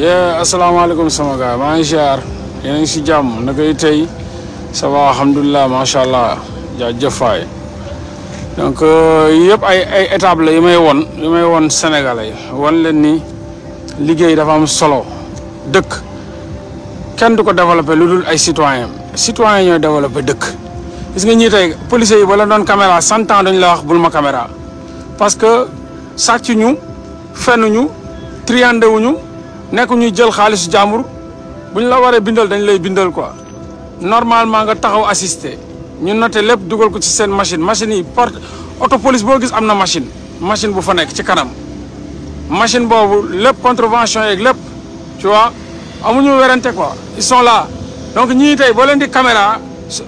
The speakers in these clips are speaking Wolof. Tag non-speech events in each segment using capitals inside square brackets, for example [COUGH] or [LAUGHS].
yee asalaamaaleykum sama gars maa ngi ziar yéen a ngi si jàmm na tey ça va alhamdulilah macha allah jaajëf faay donc euh, yëpp ay ay étapes la yi may won yi may won Sénégalais won leen ni liggéey dafa am solo dëkk kenn du ko développé lu dul ay citoyens citoyens ñooy développé dëkk. gis nga ñii tey policiers yi ba la doon caméra cent ans dañu la wax bul ma caméra parce que sàcc ñu fenn ñu nekk ñuy jël xaalis jàmbur bu ñu la waree bindal dañ lay bindal quoi normalement nga taxaw assister ñu noté lépp dugal ko ci seen machine machine yi porte auto boo gis am na machine machine bu fa nekk ci kanam machine boobu lépp contravention yeeg lépp tu vois amuñu werante quoi ils sont là donc ñii tey boo leen di caméra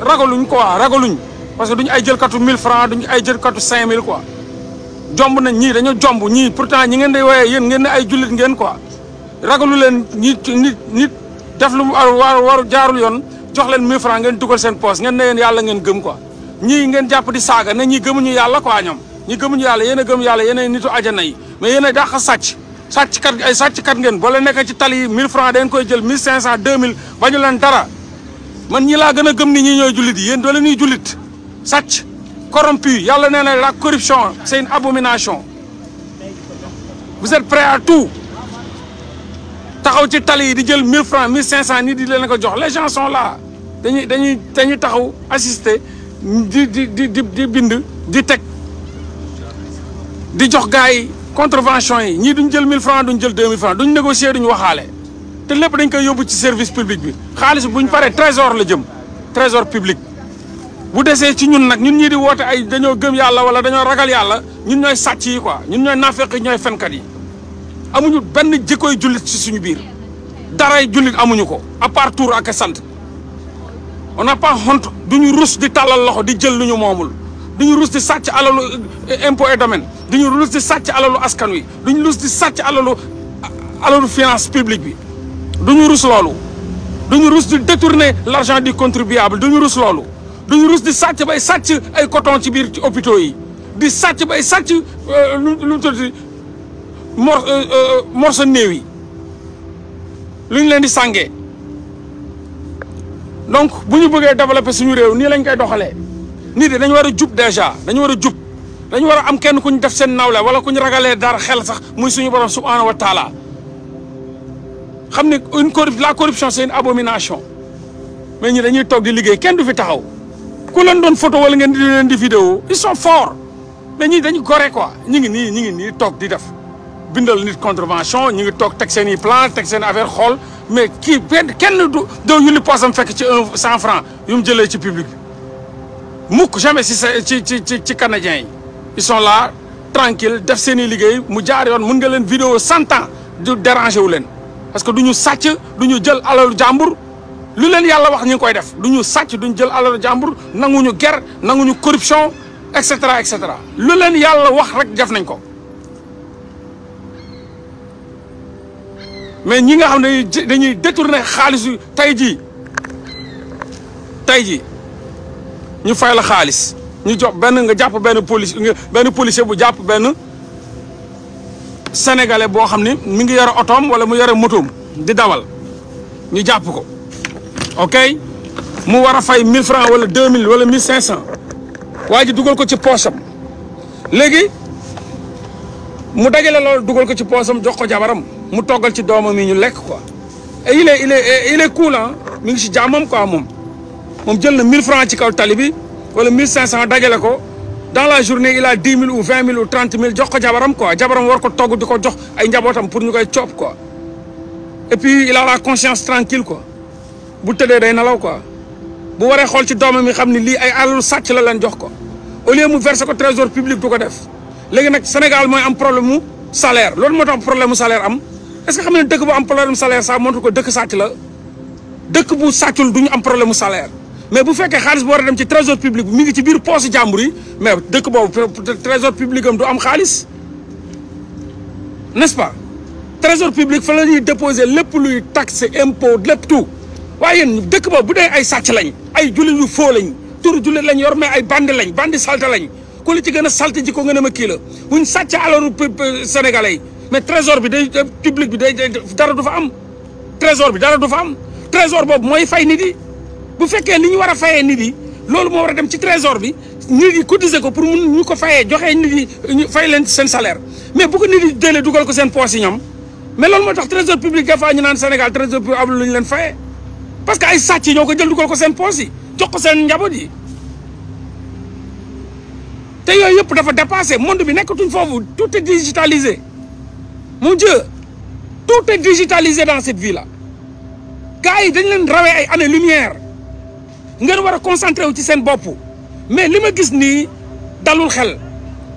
ragaluñ quoi ragaluñ parce que duñu ay jëlkatu 1000 francs duñu ay jëlkatu 5000 quoi jomb nañ ñii dañoo jomb ñii pourtant ñi ngeen di wooyee yéen ngeen ne ay jullit ngeen quoi ragalu leen nit nit def lu war waru jaarul yoon jox leen 1000 francs ngeen dugal seen poos ngeen ne yéen yàlla ngeen gëm ko ñii ngeen jàpp di saaga na ñii gëmuñu yàlla quoi ñoom ñi gëmuñu yàlla yéen a gëm yàlla yéen a nitu ajana yi mais yéen a dàq sàcc sàcckat ay sàcckat ngeen boo leen nekkee ci tali yi 1000 francs dañ koy jël 1500 2000 ba ñu leen dara man ñi laa gën a gëm ni ñi ñooy jullit yi yéen doo julit ñuy jullit sàcc corrompu yàlla nee na la corruption c'est une abomination vous êtes prêts taxaw ci tali yi di jël 1000 francs 1500 nit di leen ko jox les gens sont dañuy dañuy dañuy taxaw assister di di di di bind di teg di jox gars yi contravention yi ñii duñu jël 1000 francs duñu jël 2000 francs duñ négocier duñ waxaale te lépp dañ koy yóbbu ci service public bi xaalis buñ paree trésor la jëm trésor public. bu desee ci ñun nag ñun ñii di woote ay dañoo gëm yàlla wala dañoo ragal yàlla ñun ñooy sàcc yi quoi ñun ñooy naafeq ñooy fenkat yi. amuñu benn jikkoy jullit ci suñu biir daray jullit amuñu ko à part tour ak sant on n'a pas honte duñu rus di tàllal loxo di jël lu ñu moomul duñu rus di sàcc alalu euh, impôt et domaine duñu rus di sàcc alalu askan wi ñu rus di sàcc alalu alalu finance publique bi duñu rus loolu duñu rus di détourner l'argent du contribuable duñu rus loolu ñu rus di sàcc bay sàcc ay coton ci biir ci hôpitaux yi di sàcc bay sàcc euh, lu lu tudd mor euh, euh, morsa néew yi lu ñu leen di sàngee donc bu ñu bëggee développer suñu réew nii lañ koy doxalee nit yi dañu war a jub déjà dañu war a jub dañu war a am kenn ku ñu def seen nawle wala ku ñu ragalee dara xel sax muy suñu borom subhanahu wa taala xam ne une corrup la corruption c'est une abomination mais ñi dañuy togg di liggéey kenn du fi taxaw ku leen doon photo wala ngeen di leen di vidéo ils sont forts mais ñi dañu gore quoi ñi ngi nii ñi ngi nii toog di def. bindal nit contravention ñu ngi toog teg seen i plan teg seen affaire xool mais kii benn kenn du doo yulli poosam fekk ci un cent mu jëlee ci public bi mukk jamais si ci ci ci canadiens yi ils sont tranquille def seen i liggéey mu jaar yoon mun nga leen vidéo cent ans du déranger wu leen parce que du ñu sàcc du ñu jël alalu jàmbur lu leen yàlla wax ñu koy def du ñu sàcc du ñu jël alalu jàmbur nanguñu ger ñu corruption et cetera et cetera lu leen yàlla wax rek def nañ ko mais ñi nga xam ne dañuy détourné xaalisu tey jii tey jii ñu fay la xaalis ñu jox benn nga jàpp benn police benn policier bu jàpp benn sénégalais boo xam ne mi ngi yore otoom wala mu yore motoom di dawal ñu jàpp ko ok mu war a fay 1000 francs wala 2000 wala 1500 waa ji dugal ko ci poosam léegi mu dajale loolu dugal ko ci poosam jox ko jabaram mu toggal ci doomam yi ñu lekk quoi et il est il est il est cool mi ngi ci jàmmam quoi moom moom jël na 1000 francs ci kaw tali bi wala 1500 dajale ko dans la journée il a 10 000 ou 20 000 ou 30 000 jox ko jabaram quoi jabaram war ko togg di ko jox ay njabootam pour ñu koy coob quoi et puis il a la conscience tranquille quoi bu tëddee day nelaw quoi bu waree xool ci doomam i xam ne lii ay alalu sàcc la leen jox ko au lieu mu verser ko trésor public du ko def léegi nag Sénégal mooy am problème mu salaire loolu moo tax problème mu salaire am. est-ce que xam ne dëkk bu am problème salaire ça montre ko dëkk sàcc la dëkk bu sàccul du ñu am problème salaire mais bu fekkee xaalis bu war dem ci trésor public bi mi ngi ci biir poche jàmbur yi mais dëkk boobu trésor public am du am xaalis n'est-ce pas trésor public fa la ñuy déposer lépp luy taxe impôt lépp tout waaye yéen dëkk boobu bu dee ay sàcc lañ ay jullit yu foo lañ turu jullit lañ yor mais ay bandi lañ bandi salte lañ ku li ci gën a salte ji ko nga ne ma kii la buñ sàcc alalu Sénégalais yi mais trésor bi day public bi day dara du fa am trésor bi dara du fa am trésor boobu mooy fay nit yi bu fekkee li ñu war a fayee nit yi loolu moo war a dem ci trésor bi nit yi cotiser ko pour mun ñu ko fayee joxe nit yi ñu fay leen seen salaire mais bu ko nit yi jëlee dugal ko seen poche yi ñoom mais loolu moo tax trésor public des ñu naan Sénégal trésor public am lu ñu leen fayee parce que ay sàcc ñoo ko jël dugal ko seen poche yi jox ko seen njaboot yi te yooyu yëpp dafa dépassé monde bi nekkatuñ foofu tout est digitalisé moo Dieu tout est digitalisé dans cette vie là gars yi dañ leen rawee ay année lumière ngeen war a concentré wu ci seen bopp mais li ma gis nii dalul xel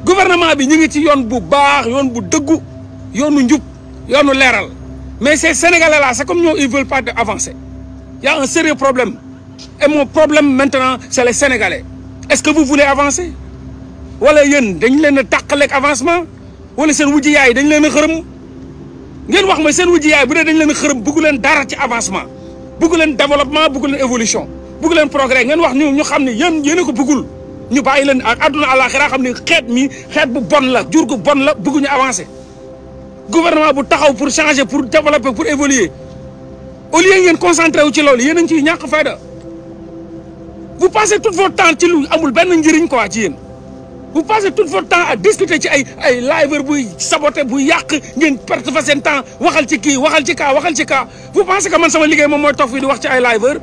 gouvernement bi ñu ngi ci yoon bu baax yoon bu dëggu yoonu njub yoonu leeral mais ces Sénégalais là c'est comme ñoo ils veulent pas avancer y un sérieux problème et mon problème maintenant c'est les Sénégalais est-ce que vous voulez avancer wala yéen dañ leen a tàqaleeg avancement wala seen wujji yaay dañ leen a xërëm ngeen wax ma seen wujj yaay bu dee dañ leen xërëm bugg leen dara ci avancement bugg leen développement bugg évolution bugg leen progrès ngeen wax ñu ñu xam ne yéen yéen a ko buggul ñu bàyyi leen ak àdduna a xam ne xeet mi xeet bu bon la jur gu bon la bugg ñu avancer gouvernement bu taxaw pour changer pour développer pour évoluer au lieu ngeen concentré wu ci lool yéen a ngi ciy ñàkk fayda vous passez tout votre temps ci lu amul benn njëriñ quoi ci yéen. vous passez tout votre temps à discuter ci ay ay liveur buy saboté buy yàq ngeen perte fa seen temps waxal ci kii waxal ci kaa waxal ci kaa vous pensez que man sama liggéey moom mooy toog fii di wax ci ay liveur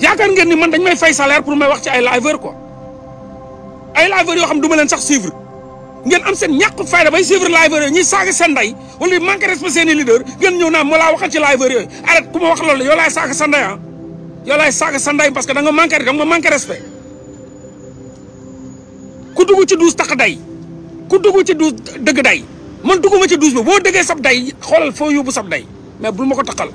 yaakaar ngeen ni man dañ may fay salaire pour may wax ci ay liveur ko ay liveur yoo xam du ma leen sax suivre ngeen am seen ñàkk fayda bay suivre liveur yooyu ñuy saaga seen ndey wala respect seen i leader ngeen ñëw naa moo laa waxal ci liveur yooyu arrête ku ma wax loolu sa ndey ah sa ndey parce que da nga manqué da nga manqué respect ku dugg ci duus tax day ku dugg ci duus dëgg day man dugguma ci duus bi boo dëggee sab day xoolal foo yóbbu sab day mais bul ma ko taxal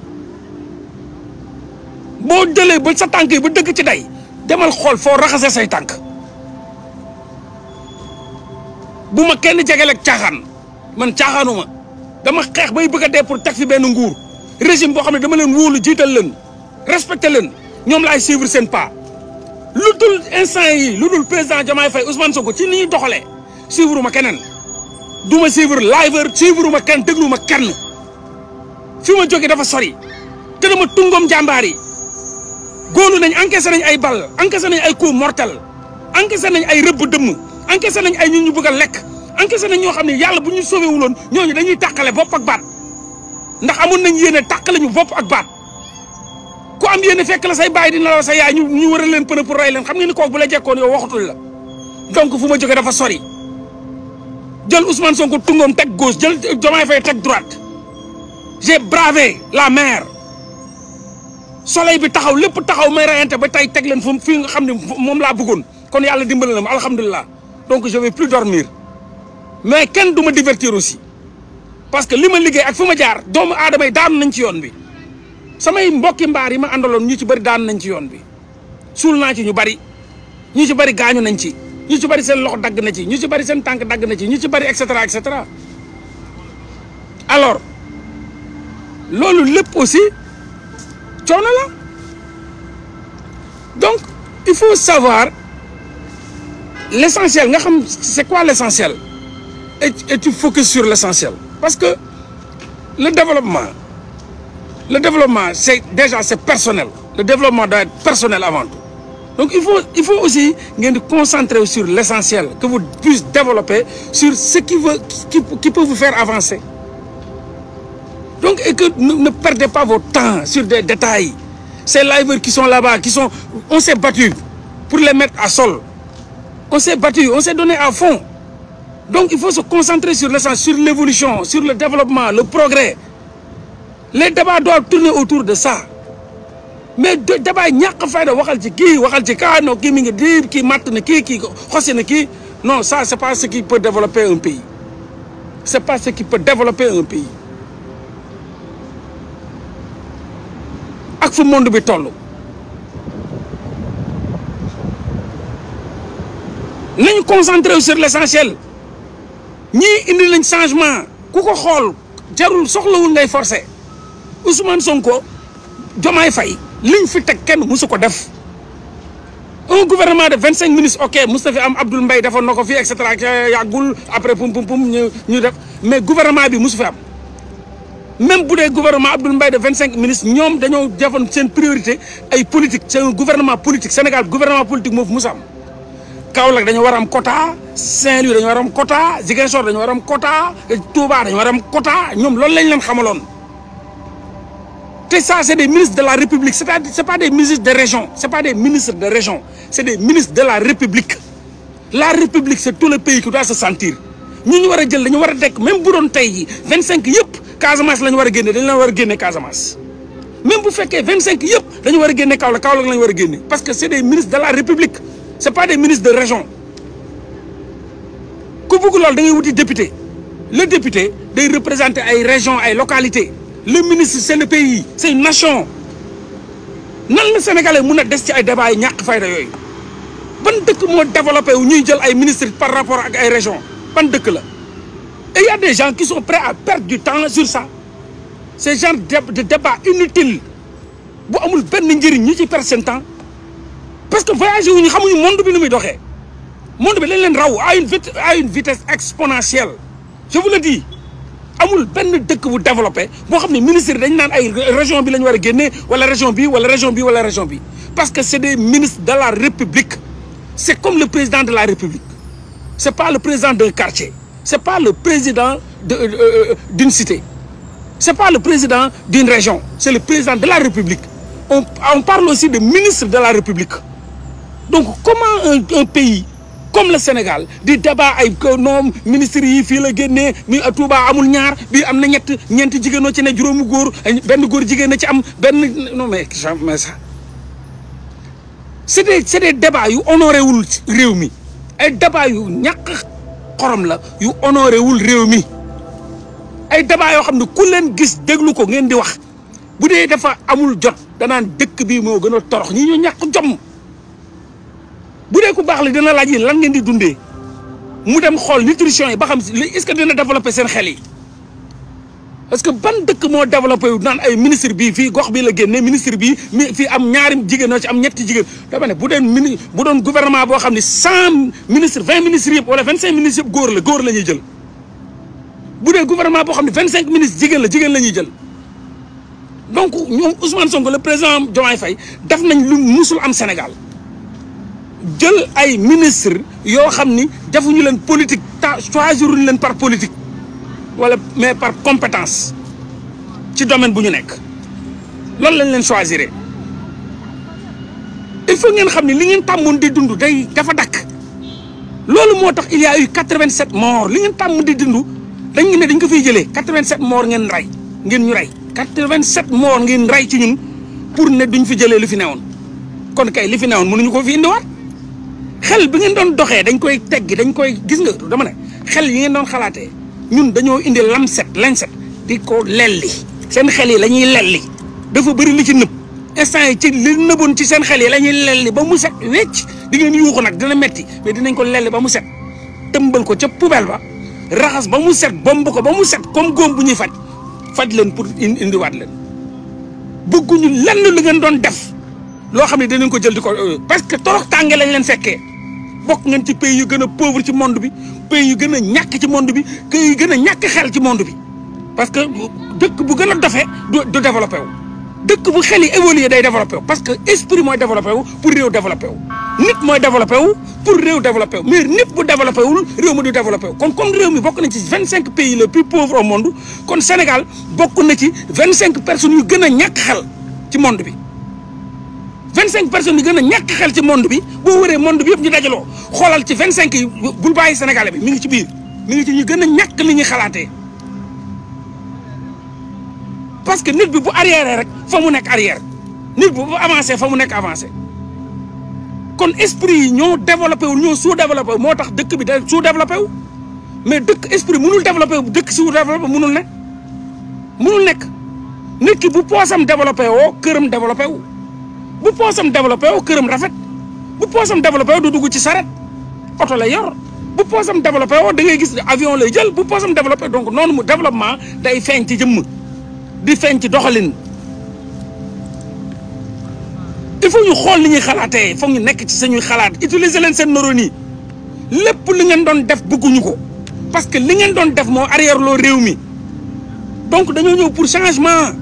boo jëlee ba sa tànk yi ba dëgg ci day demal xool foo raxasee say tànk bu ma kenn jegeleeg caaxaan man caaxaanuma dama xeex bay bëgg a dee pour teg fi benn nguur régime boo xam ne dama leen wóolu jiital leen respecté leen ñoom laay suivre seen pas lu dul instant yi lu dul président Diomaye Faye Ousmane Sonko ci ni ñuy doxalee suivre ma keneen du ma suivre liveur suivre ma kenn déglu ma kenn fi ma jógee dafa sori te dama tungoom jàmbaar yi góolu nañ encaissé nañ ay bal encaissé nañ ay coup mortel encaissé nañ ay rëbb dëmm encaissé nañ ay ñun ñu bëgg lekk encaissé nañ ñoo xam ne yàlla bu ñu sauvé ñoo ñu dañuy tàqale bopp ak baat ndax amoon nañ yéene tàqale ñu bopp ak baat ku am yéene fekk la say baay di nelaw sa yaay ñu ñu wëral leen pëne pour rey leen xam ngeen ni kooku bu la jekkoon yow waxatul la donc fu ma jógee dafa sori jël Ousmane Sonko tungoom teg gauche jël Diomaye Faye teg droite j'ai bravé la mer soleil bi taxaw lépp taxaw ma rayante ba tey teg leen fu fii nga xam ne moom laa bëggoon kon yàlla dimbali na ma alhamdulilah donc je vais plus dormir mais kenn du ma divertir aussi parce que li ma liggéey ak fu ma jaar doomu aadama yi daanu nañ ci yoon bi samay mbokki mbaar yi ma àndaloon ñu ci bëri daan nañ ci yoon bi suul naa ci ñu bëri ñu ci bari gaañu nañ ci ñu ci bëri seen loxo dagg na ci ñu ci bëri seen tànk dagg na ci ñu ci bëri et cetera et cetera alors loolu lépp aussi coono la donc il faut savoir l' essentiel nga xam c' est quoi l' et tu focus sur l' essentiel parce que le développement le développement, c'est déjà c'est personnel. Le développement doit être personnel avant tout. Donc il faut, il faut aussi vous concentrer sur l'essentiel, que vous puissiez développer sur ce qui, veut, qui, qui, peut vous faire avancer. Donc et que ne, ne perdez pas votre temps sur des détails. Ces livers qui sont là-bas, qui sont, on s'est battu pour les mettre à sol. On s'est battu, on s'est donné à fond. Donc il faut se concentrer sur l'essentiel, sur l'évolution, sur le développement, le progrès. les débats doivent tourner autour de sa mais débat ñàkk fayda waxal ci kii waxal ci kaano kii mi ngi diir kii matt na kii kii xosi na kii non ça c'est pas ce qui peut développer un pays c'est pas ce qui peut développer un pays ak fu monde bi toll nañu concentrer sur l'essentiel ñii indi nañ changement ku ko xool jarul soxlawul ngay forcer Ousmane Sonko Diomaye fay liñ fi teg kenn musu ko def un gouvernement de vingt cinq ministres ok mos na fi am Abdoul Mbaye defoon na ko fii et cetera yàggul après pum pum pum ñu def mais gouvernement bi musu fi am même bu dee gouvernement Abdoul mbay de vingt cinq ministres ñoom dañoo defoon seen priorité ay politique c'est un gouvernement politique Sénégal gouvernement politique moo fi musu am dañoo war a am quota Saint-Louis dañoo war a am quota Ziguinchor dañoo war a am quota Touba dañoo war a am ñoom loolu lañ leen xamaloon te ça c' est des ministres de la république c' est pas des ministres de région c' est pas des ministres de région c' est des de la république la république c' est tout le pays qui doit se sentir ñu ñu war a jël dañu war a dekk même bu doon tey jii vingt cinq yëpp Casamance la ñu war a génne dañu leen war a génne Casamance même bu fekkee vingt cinq yëpp dañu war a génne Kaolack Kaolack la ñu war a génne parce que c' est des ministres de la république c' est pas des ministres de région da ngay wuti député le député day représenter ay région ay localité le ministre c'est le pays c'est une nation nan la sénégalais mun a des ci ay débat yi ñàkk fayda yooyu ban dëkk moo développé wu ñuy jël ay ministres par rapport ak ay régions ban dëkk la et y a des gens qui sont prêts à perdre du temps sur ça ce genre de débat inutile bu amul benn njëriñ ñu ci perdre seen temps parce que voyagé ñu xamuñu monde bi nu muy doxee monde bi lañ leen raw à une une vitesse exponentielle je vous le dis amul benn dëkk bu développé boo xam ne ministre yi dañ naan ay région bi la ñu war a wala région bi wala région bi wala région bi parce que c' est des ministres de la république c' est comme le président de la république c' est pas le président d'un quartier c' est le président de euh, euh, d'une cité c' est pas le président d'une région c' est le président de la république on on parle aussi de ministre de la république donc comment un un pays comme le Sénégal di débat ay noom ministre yi fii la génnee mi Touba amul ñaar bii am na ñett ñeenti jigéenoo ci ne juróomu góor benn góor jigéen na ci am benn non mais mais ça c'est des c'est des débats yu honoré wul réew mi ay débat yu ñàkk xorom la yu honoré wul réew mi ay débat yoo xam ne ku leen gis déglu ko ngeen di wax bu dee dafa amul jot danaan dëkk bii moo gën a torox ñi ñu ñàkk jom bu dee ku baax la dina laaj yi lan ngeen di dundee mu dem xool nutrition yi ba xam est-ce que dina développer seen xel yi parce que dëkk moo développé wu naan ay ministre bii fii gox bii la génne ministre bii mi fii am ñaari jigéen ñoo ci am ñetti jigéen dama mini bu doon gouvernement boo xam ne cent ministre vingt ministres yëpp wala vingt cinq ministres yëpp góor la jël bu dee gouvernement boo xam ne vingt cinq ministre jigéen la jigéen la ñuy jël donc ñoom Ousmane Sonko le président Diomaye Faye daf nañ lu musul am Sénégal jël ay ministre yoo xam ni defuñu leen politique ta choisiruñu leen par politique wala mais par compétence ci domaine bu ñu nekk loolu lañ leen choisiré il faut ngeen xam ne li ngeen tàmmoon di dund day dafa dakk loolu moo tax il y a eu quatre li ngeen tàmm di dund dañ ne dañ ko fiy jëlee quatre-vingt-sept morts ngeen rey ngeen ñu rey quatre vingt rey ci ñun pour ne duñ fi jëlee li fi newoon kon kay li fi newoon ñu ko fi indiwaat xel bi ngeen doon doxee dañ koy teggi dañ koy gis nga dama ne xel yi ngeen doon xalaatee ñun dañoo indi set lamset set di ko lelli seen xel yi la ñuy lelli dafa bëri li ci nëb instant yi ci li nëboon ci seen xel yi la ñuy lelli ba mu set wecc di ngeen yuuxu nag dina metti mais dinañ ko lelli ba mu set tëmbal ko ca poubelle ba raxas ba mu set bomb ko ba mu set comme góom bu ñuy faj faj leen pour indiwaat leen bëgguñu lenn lu ngeen doon def loo xam ne danañ ko jël di ko euh, parce que torox tàngee lañ leen fekkee bokk ngeen ci pays yu gën a pauvre ci monde bi pays yu gën a ñàkk ci monde bi pays yu gën a ñàkk xel ci monde bi parce que dëkk bu gën a doxee du développé wu dëkk bu xel yi évolué day développé parce que esprit mooy développé wu pour réew développé wu nit mooy développé wu pour réew développé mais nit bu développé wul réew mi du développé wu kon réew mi bokk na ci vingt cinq pays les plus pauvres au monde kon Sénégal bokk na ci vingt cinq personnes yu gën a ñàkk xel ci monde bi vingt cinq personnes ñu gën a ñàkk xel ci monde bi boo wëree monde bi yëpp ñu dajaloo xoolal ci vingt cinq yi bul bàyyi sénégalais bi mi ngi ci biir mu ngi ci ñu gën a ñàkk li ñu xalaatee parce que nit bi bu arrière rek fa mu nekk arrière nit bi bu avancé fa mu nekk avancé kon esprit yi ñoo développé wu ñoo sous développé moo tax dëkk bi da sous développé mais dëkk esprit mënul développé wu dëkk sous développé mënul ne mënul nekk nit ki bu poosam développé woo këram développé wu bu poosam développé wu këram rafet bu poosam développé wu du dugg ci saret oto la yor bu poosam développé woo da ngay gis avion lay jël bu poosam développé donc noonu mu développement day feeñ ci jëmm di feeñ ci doxalin il faut ñu xool li ñuy xalaatee foog ñu nekk ci sañuy xalaat utiliser leen seen neurones lépp li ngeen doon def bëgguñu ko parce que li ngeen doon def moo arrière loo réew mi donc dañoo ñëw pour changement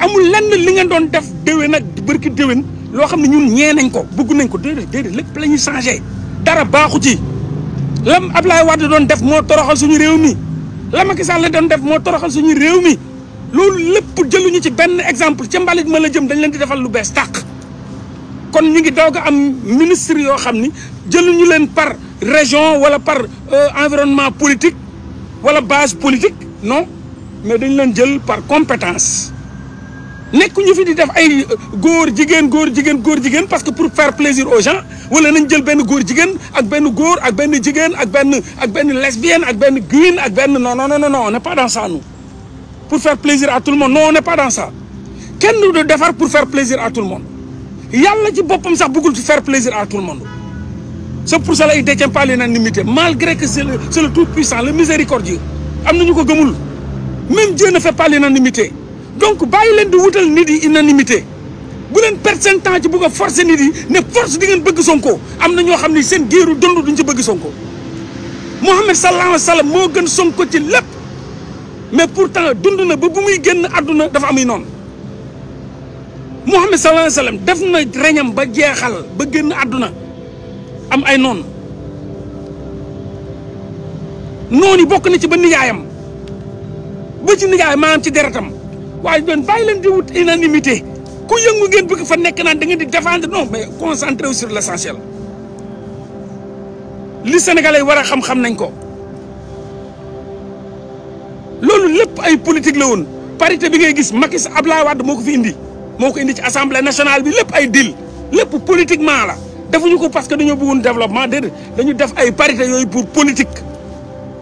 amul lenn li ngeen doon def déwén nag bërki déwén loo xam ne ñun ñee nañ ko bëgg nañ ko déedéet déedéet lépp la ñuy changé dara baaxu ci lam Ablaye Wade doon def moo toroxal suñu réew mi la Macky Sall doon def moo toroxal suñu réew mi loolu lépp jëluñu ci benn exemple ci mbalit ma la jëm dañ leen di defal lu bees tàq kon ñu ngi doog a am ministre yoo xam ni jëluñu leen par région wala par euh, environnement politique wala base politique non mais dañ leen jël par compétence nekkuñu fi di def ay euh, góor jigéen góor jigéen góor jigéen parce que pour faire plaisir aux gens wala nañ jël benn góor jigéen ak benn góor ak benn jigéen ak benn ak benn lesbienne ak benn green ak benn no non non non on n'est pas dans pour faire plaisir à tout le monde non on n'est pas dans ça kenn du defar pour faire plaisir à tout le monde yàlla ci boppam sax bëggul ci faire plaisir à tout le monde c'est pour cela il détient pas l'unanimité malgré que c'est le c'est le tout puissant le miséricordieux am na ko gëmul même Dieu ne fait pas l'unanimité donc bàyyi leen di wutal nit yi unanimité bu leen perte seen temps ci bugg a forcer nit yi ne force di ngeen bëgg sonko am na ñoo xam ne seen géeru dund duñ ci bëgg sonko Mouhamed sallallahu alayhi wa moo gën sonko ci lépp mais pourtant dund na ba bu muy génn àdduna dafa amuy noon Mouhamed sallallahu alayhi wa sallam def na reñam ba jeexal ba génn àdduna am ay noonu noonu bokk na ci ba nijaayam ba ci nijaay maanaam ci deretam waaye doon bàyyi leen di wut unanimité ku yëngu ngeen bëgg fa nekk naan da ngeen di défendre non mais concentré sur l' essentiel li sénégalais war a xam-xam nañ ko loolu lépp ay politique la woon parité bi ngay gis Macky Sall Abdoulaye Wade moo ko fi indi moo ko indi ci assemblée nationale bi lépp ay deal lépp politiquement la defuñu ko parce que dañoo bëggoon développement déedéet dañu def ay parité yooyu pour politique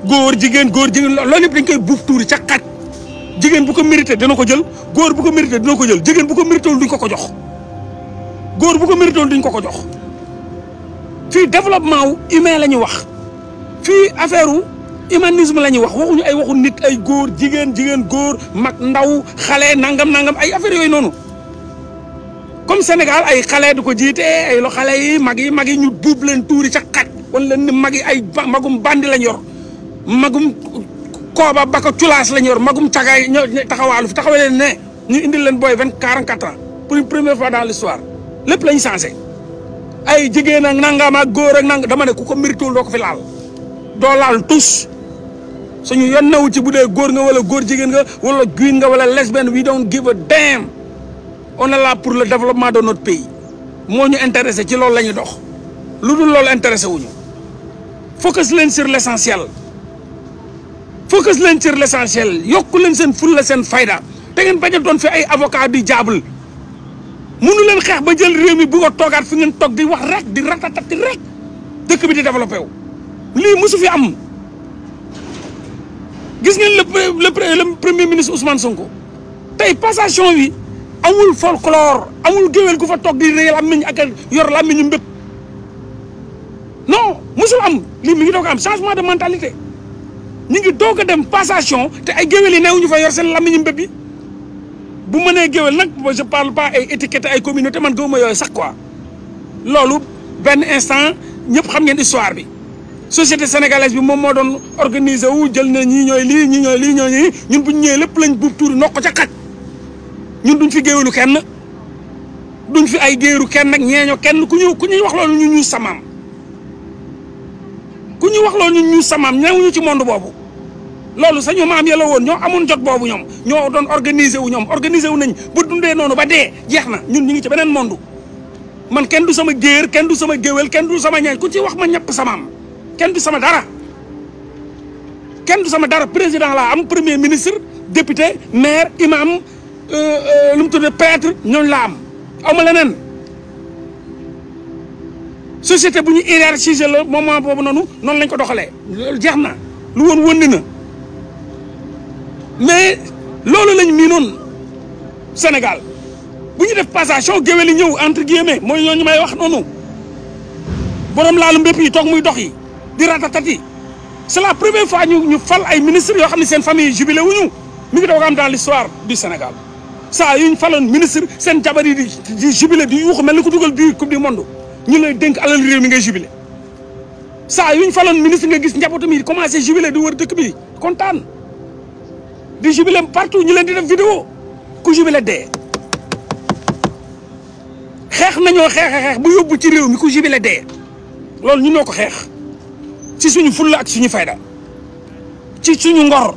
góor jigéen góor jigéen loolu yëpp dañ koy buuf tuuri ca xat jigéen bu ko mérité dana ko jël góor bu ko mérité dana ko jël jigéen bu ko méritéwul duñ ko ko jox góor bu ko méritéwul duñ ko ko jox fii développement wu humain la ñu wax fi affaire wu humanisme la wax waxuñu ay waxu nit ay góor jigéen jigéen góor mag ndaw xale nangam nangam ay affaire yooyu noonu comme Sénégal ay xale du ko jiite ay lo xale yi mag yi mag yi ñu buub leen tuuri ca xaj wan leen ni mag yi ay magum bandi lañu yor magum kooba ba ko culaas la ñu yor magum cagaay ñoo taxawaalu fi taxawalee ne ñu indil leen booy vingt quarante quatre ans pour une première fois dans l'histoire lépp la ñu ay jigéen ak nangaam ak góor a nanga dama ne ku ko méritéwul doo ko fi laal doo laal tous suñu yoon newu ci bu dee góor nga wala góor jigéen nga wala guin nga wala lesbienne we don't give a damn on est la pour le développement de notre pays moo ñu intéressé ci loolu la ñuy dox lu dul lool intéressé wuñu focus leen sur l'essentiel focus leen sur l' essentiel yokku leen seen fulla seen fayda te ngeen bañ doon fi ay avocat di jaabul mënu leen xeex ba jël réew mi bu ko toogaat fi ngeen toog di wax rek di ratatati rek dëkk bi di développé wu lii mosu fi am gis ngeen le le premier ministre Ousmane Sonko tey passation bi amul folklore amul géwél gu fa toog di réyal am nañ ak yor la am nañu mbëpp non mosul am lii mi ngi doog am changement de mentalité ñu ngi doog a dem passation te ay géwél yi neew ñu fa yor seen làmmiñu mbëb yi bu mënee géwél nag je parle pas ay étiquette ay communauté man gëwuma yooyu sax quoi loolu benn instant ñëpp xam ngeen histoire bi société sénégalaise bi moom moo doon organiser wu jël na ñii ñooy lii ñii ñooy lii ñooy lii ñun bu ñu ñëwee lépp lañ buub tuuri nokk ca xaj ñun duñ fi géwélu kenn duñ fi ay géeru kenn nag ñeeño kenn ku ñu ku ñuy wax loolu ñu ñu samaam ku ñu wax loolu ñu ñu samaam ñewuñu ci monde boobu loolu sañu maam yee yàlla woon ñoo amoon jot boobu ñoom ñoo doon organiser wu ñoom organiser wu nañ ba dundee noonu ba dee jeex na ñun ñu ngi ci beneen monde man kenn du sama géer kenn du sama géwél kenn du sama ñaan ku ci wax ma ñepp sama am kenn du sama dara kenn du sama dara président la am premier ministre député maire imam lu euh, euh, mu tuddee prêtre ñooñu laa am awma leneen société bu ñu hiérarchiser la moment boobu noonu noonu lañ ko doxalee jeex na lu woon wëndi mais loolu lañ miinoon Sénégal bu ñu def passation géwél yi ñëw entre guillemets mooy ñooñu may wax noonu borom laalu mbépp yi toog muy dox yi di ratatat yi c'est la première fois ñu ñu fal ay ministres yoo xam ne seen famille jubilé wuñu mi ngi doog am dans l'histoire du Sénégal saa ñu faloon ministre seen jabar yi di di jubilé di yuuxu mel ni ko dugal biir coupe du monde ñu lay dénk alal réew mi ngay jubilé saa yu ñu faloon ministre nga gis njabootam yi commencé jubilé di wër dëkk bi kontaan. di jubilé partout ñu leen di def vidéo ku jubilé dee xeex nañoo xeex xeex bu yóbbu ci réew mi ku jubilé dee loolu ñu noo ko xeex ci suñu fulla ak suñu fayda ci suñu ngor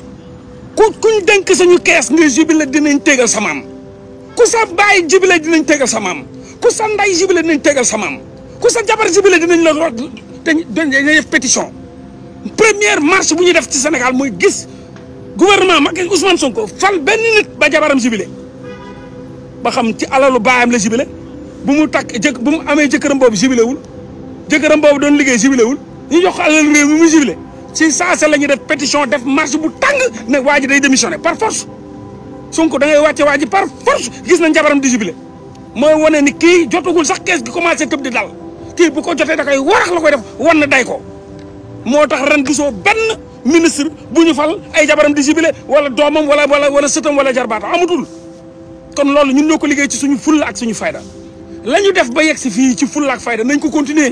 ku kuñ dénk suñu kees nga jubilé dinañ tégal sa maam ku sa baay jubilé dinañ tégal sa maam ku sa nday jubilé dinañ tégal sa maam ku sa jabar jubilé la rot dañ def pétition première marche bu ñu def ci Sénégal mooy gis gouvernement Macky Ousmane Sonko fal benn nit ba jabaram jibile ba xam ci alalu baayam la jibile bu mu takk jëkk bu mu amee jëkkëram boobu jibilewul jëkkëram boobu doon liggéey jibilewul ñu jox ko alalu réew mu jibile ci saasa la ñuy def pétition def marche bu tàng ne waa ji day démissionné par force Sonko da ngay wàcce waa ji par force gis nañ jabaram di jibile mooy wane ni kii jotagul sax kees gi commencé tëb di dal kii bu ko jotee da koy warax la koy def wa na day ko moo tax ren gisoo benn ministre bu ñu fal ay jabaram di jibile wala doomam wala wala wala sëtam wala jarbaatam amatul kon loolu ñun ñoo ko liggéey ci suñu fulla ak suñu fayda la ñu def ba yegg si fii ci fulla ak fayda nañ ko continuer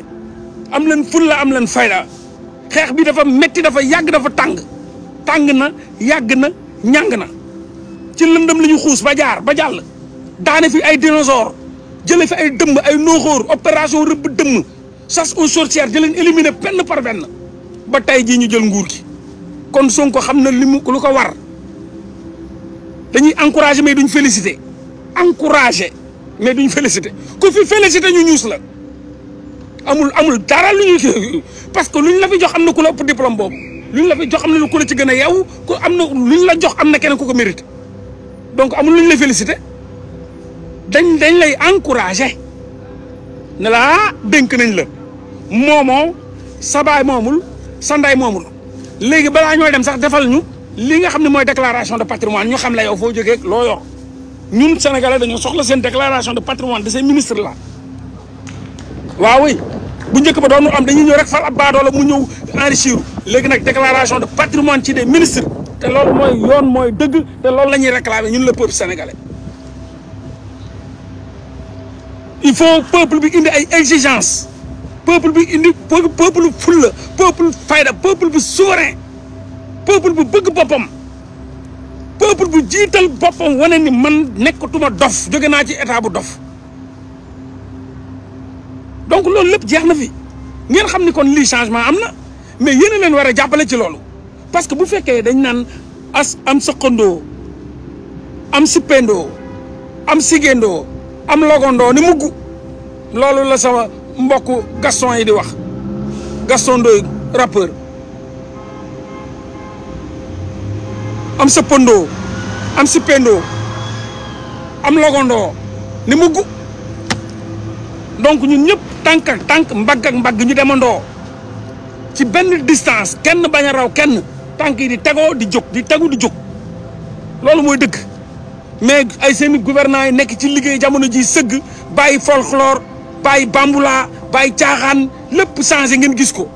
am leen fulla am leen fayda xeex bi dafa metti dafa yàgg dafa tàng tàng na yàgg na ñàng na ci lëndam la xuus ba jaar ba jàll daane fi ay dinosaure jële fi ay dëmm ay nooxóor opération rëbb dëmm chasse aux sorcières di leen éliminer benn par benn ba tey jii ñu jël nguur gi kon Sonko xam na li mu lu ko war dañuy encouragé mais duñ félicité encourager mais duñ félicité ku fi félicité ñu ñuus la amul amul dara lu ñu [LAUGHS] parce que luñ la fi jox am na ku la ëpp diplôme boobu luñ la fi jox am na ku la ci gën a yow ku am na luñ la jox am na keneen ku ko mérite donc amul luñ la félicité dañ dañ lay encouragé ne laa ah, dénk nañ la moomoo sa baay moomul sa moomul léegi balaa ñooy dem sax defal ñu li nga xam ne mooy déclaration de patrimoine ñu xam la yow foo jógee loo yor ñun sénégalais dañoo soxla seen déclaration de patrimoine de ces ministres là waaw oui bu njëkk ba doonu am dañuy ñëw rek fa ab baadoola mu ñëw enrichir léegi nag déclaration de patrimoine ci des ministres te lool mooy yoon mooy dëgg te lool la ñuy réclamer ñun le peuple sénégalais il faut peuple bi indi ay exigences peuple bi indi peuple fulla peuple fayda peuple bu souverain peuple bu bëgg boppam peuple bu jiital boppam wane ni man nekkatuma dof jóge naa ci état bu dof donc loolu lépp jeex na fi ngeen xam ni kon lii changement am na mais yéen a war jàppale ci loolu parce que bu fekkee dañ naan as am sëqandoo am sippendoo am sigéendoo am logondoo ni mugg loolu la sama mbokk Gaston yi di wax Gaston Ndoye rappeur am sa am si am logondoo ni mugg donc ñun ñëpp tànk ak tànk mbagg ak mbagg ñu demandoo ci benn distance kenn bañ raw kenn tànk yi di tegoo di jóg di tegu di jóg loolu mooy dëgg mais ay seeni gouvernants yi nekk ci liggéey jamono ji sëgg bàyyi folklore bàyyi bambula bàyyi caaxaan lépp changé ngeen gis ko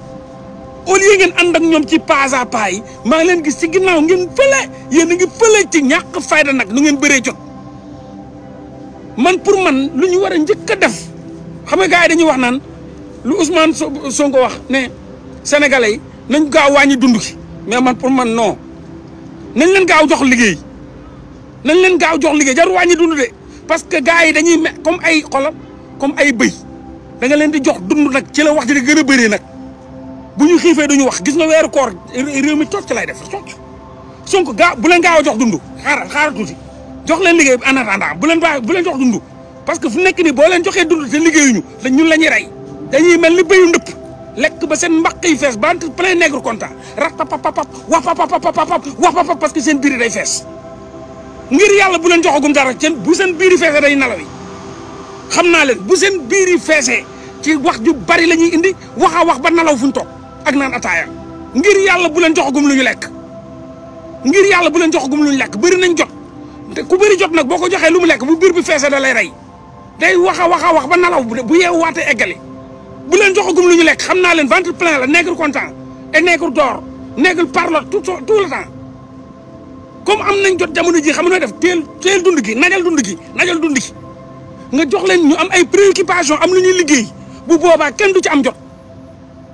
au lieu ngeen ànd ak ñoom ci pas à pas yi maa ngi leen gis ci ginnaaw ngeen fële yéen a ngi fële ci ñàkk fayda nag nu ngeen bëree jot man pour man lu ñu war a njëkk a def xam nga gars yi dañuy wax naan lu Ousmane Sonko wax ne sénégalais nañ gaaw wàññi dund ki mais man pour man non nañ leen gaaw jox liggéey nañ leen gaaw jox liggéey jarul wàññi dund de parce que gars yi dañuy comme ay xolam. comme ay bëy da nga leen di jox dund nag ci la wax ji di gën a bëree nag bu ñu xiifee duñu wax gis na weeru koor réew mi cocc lay def cocc Sonko ga bu leen gaaw a jox dund xaaral xaaral tuuti jox leen liggéey en attendant bu leen baa bu leen jox dund parce que fu nekk boo leen joxee dund te liggéeyuñu te ñun la ñuy rey dañuy mel ni béyu ndëpp lekk ba seen mbaq yi fees ba entre plein nègre content rax papapapap wax papapapapap wax papap parce que seen biir day fees ngir yàlla bu leen joxagum dara seen bu seen biir feesee day nalawi xam naa leen bu seen biir yi feesee ci wax ju bari la ñuy indi wax wax ba nalaw fu ñu toog ak naan ataaya ngir yàlla bu leen joxagum lu ñu lekk ngir yàlla bu leen gum lu ñu lekk bari nañ jot te ku bëri jot nag boo ko joxee lu mu lekk bu biir bi feesee da lay rey day wax a wax a wax ba nalaw bu yeewaatee eggali bu leen joxagum lu ñu lekk xam naa leen ventre plein la nekkul content et nekkul door nekkul parlotte tout tout le temps comme am nañ jot jamono jii xam nga def teel teel dund gi najal dund gi najal dund gi. nga jox leen ñu am ay préoccupation am lu ñuy liggéey bu boobaa kenn du ci am jot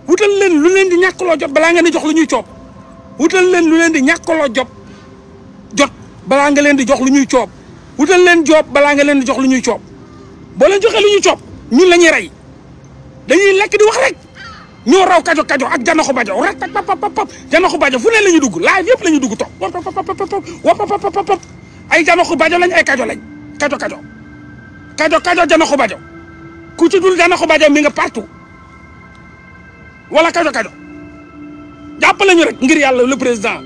wutal leen lu leen di ñàkkaloo jot balaa nga ne jox ñuy coob wutal leen lu leen di ñàkkaloo jot jot balaa nga leen di jox lu ñuy coob wutal leen joob balaa nga leen di jox lu ñuy coob boo leen joxee lu ñuy coob ñun la ñuy rey dañuy lekk di wax rek ñoo raw kajo kajo ak janaxu bajo rak tak pap pap pap janaxu bajo fu ne la ñu dugg live yëpp la ñu dugg toog wa pap pap pap ay janaxu bajo lañ ay kajo lañ kajo kajo kado kado jana xubajo ku ci dul jana bajo mi nga partout wala kado kado jàppale ñu rek ngir yàlla le président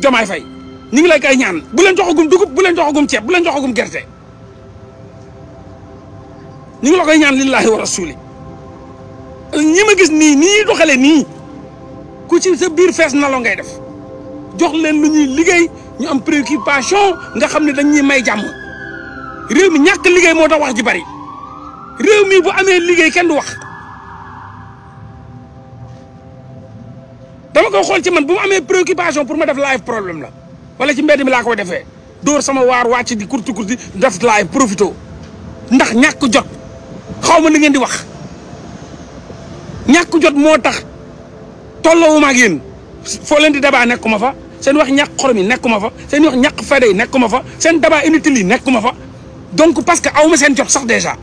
Diomaye Faye ñu ngi lay kay ñaan bu leen joxagum dugub bu leen joxagum ceeb bu leen joxagum gerte ñu ngi la koy ñaan lillahi wa rasuli ñi ma gis nii nii doxale nii ku ci sa biir fees na loo ngay def jox leen lu ñuy liggéey ñu am préoccupation nga xam ne dañuy may jàmm réew mi ñàkk liggéey moo tax wax ji bari réew mii bu amee liggéey kenn du wax dama ko xool ci man bu mu amee préoccupation pour ma def laay problème la wala ci mbedd mi laa koy defee dóor sama waar wàcc di kurti kurti def live profito ndax ñàkk jot xaw ma li ngeen di wax ñàkk jot moo tax tolloowu ma ak yéen foo leen di débat nekkuma fa seen wax ñàkk xorom yi nekkuma fa seen wax ñàkk fede yi nekkuma fa seen débat inutile yi nekkuma fa donc parce que aw ma seen jot sax déjà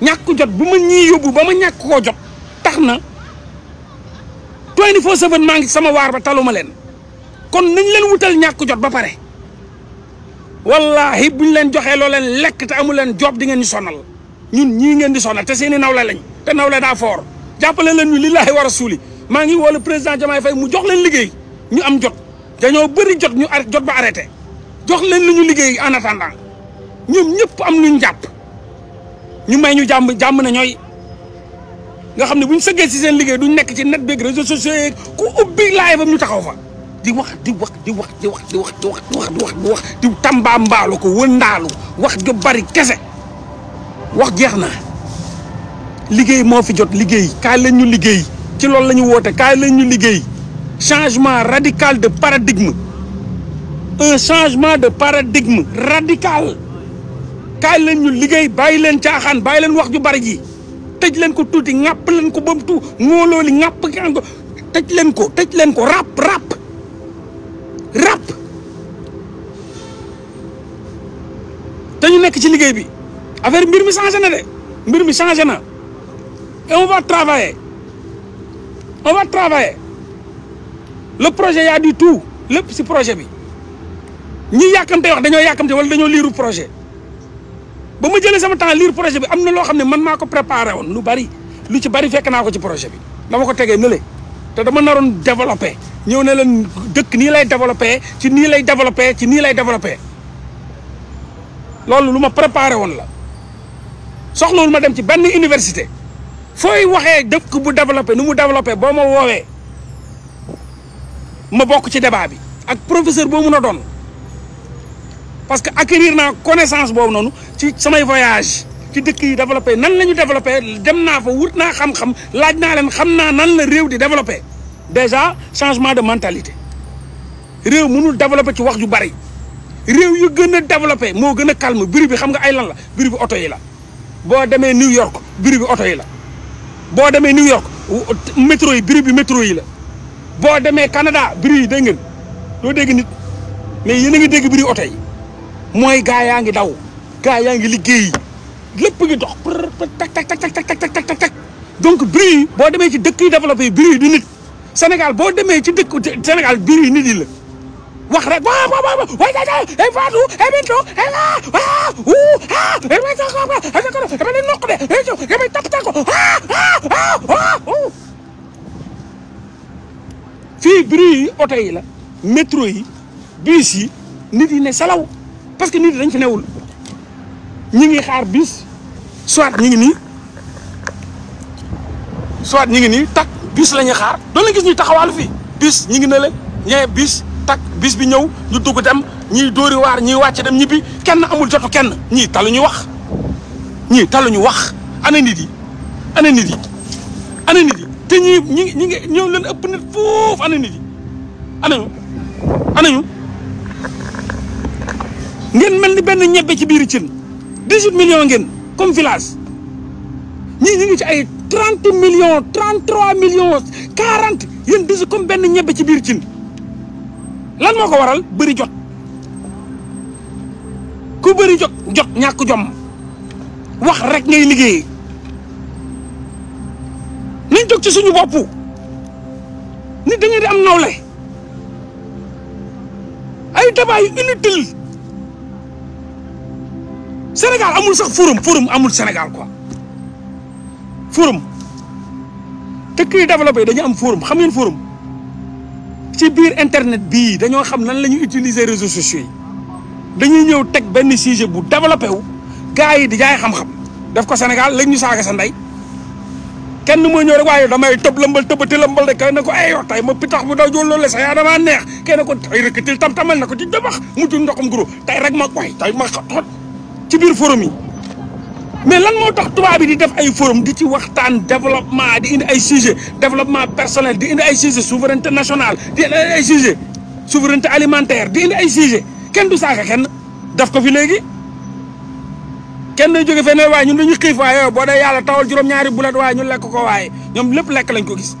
ñàkk jot bu ma ñii yóbbu ba ma ñàkk koo jot tax na 24 7 maa ngi sama waar ba taluma leen kon nañ leen wutal ñàkk jot ba pare wallahi buñ leen joxee loo leen lekk te amu leen jot di ngeen ñu sonal ñun ñii ngeen di sonal te seeni nawle lañ te nawle daa foor jàppale leen ñu lillaahi a suuli maa ngi woolu président Diomaye Faye mu jox leen liggéey ñu am jot dañoo bëri jot ñu jot ba jox leen lu ñu liggéey en ñoom ñëpp am luñ jàpp ñu may ñu jàmm jàmm na ñooy nga xam ne buñ sëggee si seen liggéey duñ nekk ci net beeg réseaux sociaux yeeg ku ubbi live am ñu taxaw fa di wax di wax di wax di wax di wax di wax di wax di wax di wax di tàmbaambaalu ko wëndaalu wax ju bari kese wax jeex na liggéey moo fi jot liggéey kaay lañ ñu liggéey ci loolu la ñu woote kaay lañ ñu liggéey changement radical de paradigme un changement de paradigme radical kaay leen ñu liggéey bàyyi leen caaxaan bàyyi leen wax ju bari ji tëj leen ko tuuti ŋàpp leen ko ba mu tuut ŋóoloo li ŋàpp ko tëj leen ko tëj leen ko rap rap rap te ñu nekk ci liggéey bi affaire mbir mi changé na de mbir mi changé na et on va travailler on va travailler le projet y a du tout lépp si projet bi ñi yàkkamte wax dañoo yàkkamte wala dañoo liiru projet. ba ma jëlee sama temps lire projet bi am na loo xam ne man maa ko préparé woon lu bari lu ci bari fekk naa ko ci projet bi dama ko tegee nële te dama naroon développé ñëw ne leen dëkk nii lay développé ci nii lay développé ci nii lay développé loolu lu ma préparer woon la soxlawul ma dem ci benn université fooy waxee dëkk bu développé nu mu développé boo ma woowee ma bokk ci débat bi ak professeur boo mun a doon parce que acquérir naa connaissance boobu noonu ci samay voyage ci dëkk yi développé nan la ñu développé dem naa fa wut naa xam-xam laaj naa leen xam naa nan la réew di développé déjà changement de mentalité réew mënul développé ci wax ju bari réew yu gën a développé moo gën a calme bruit bi xam nga ay lan la bruit bi oto yi la boo demee New York bruit bi oto yi la boo demee New York métro yi bruit bi métro yi la boo demee Canada bruit yi dégg ngeen doo dégg nit mais yéen a ngi dégg bruit oto yi mooy gaa yaa ngi daw gaa yaa ngi liggéey lépp ngi dox tak tak tak tak tak tak donc bruit boo demee ci dëkk yi développé bruit du nit Sénégal boo demee ci dëkk Sénégal bruit nit yi la wax rek wa wa wa way da da e fatu e bintu e la wa u ha e ma ta ko e ta ko e ma nok de e jo e ma tak tak ko ha ha ha fii bruit yi oto yi la métro yi bus yi nit yi ne salaw parce que nit dañ fi newul ñi ngi xaar biis soit ñi ngi nii soit ñi ngi nii tak bis lañuy xaar doon la gis ñuy taxawaalu fii bis ñi ngi ne le ñee bis tak biis bi ñëw ñu dugg dem ñiy dóori waar ñiy wàcc dem ñibbi kenn amul jotu kenn ñii talu ñuy wax ñii talu ñu wax ana nit yi ana nit yi ana nit te ñii ñi ñi ngi ñoo leen ëpp nit foofu ana nit yi anañu anañu ngeen mel ni benn ñebbe ci biir cin 18 millions ngeen comme village ñii ñu ngi ci ay 30 millions 33 millions 40 yéen disi comme benn ñebbe ci biir cin lan moo ko waral bëri jot ku bëri jot jot ñàkk jom wax rek ngay liggéey nañ jóg ci suñu bopp nit da ngeen am nawle ay débat yu inutile Sénégal amul sax forum forum amul Sénégal quoi forum dëkk yu développé dañu am forum xam ngeen forum si biir internet bii dañoo xam nan la ñuy utiliser réseaux sociaux yi dañuy ñëw teg benn sujet bu développé wu gars yi di jaay xam-xam def ko Sénégal lañ ñu saaga sa ndey kenn moo ñëw rek waaye damay tëb lëmbal tëbati lëmbal rek kay na ko ay wax tay ma pitax bu daw jool loolu sa yaa damaa neex kenn ko tay rëkkatil tam tamal na ko ti dabax mujj ndoxam guro tay rek ma koy tay ci biir forum yi mais lan moo tax tubaab bi di def ay forum di ci waxtaan développement di indi ay sujet développement personnel di indi ay sujet souveraineté nationale di indi ay sujet souveraineté alimentaire di indi ay sujet kenn du saaga kenn daf ko fi léegi kenn day jóge feneen ñun dañu xiif waaye boo dee yàlla tawal juróom-ñaari bulet waaye ñu lekk ko waaye ñoom lépp lekk lañ ko gis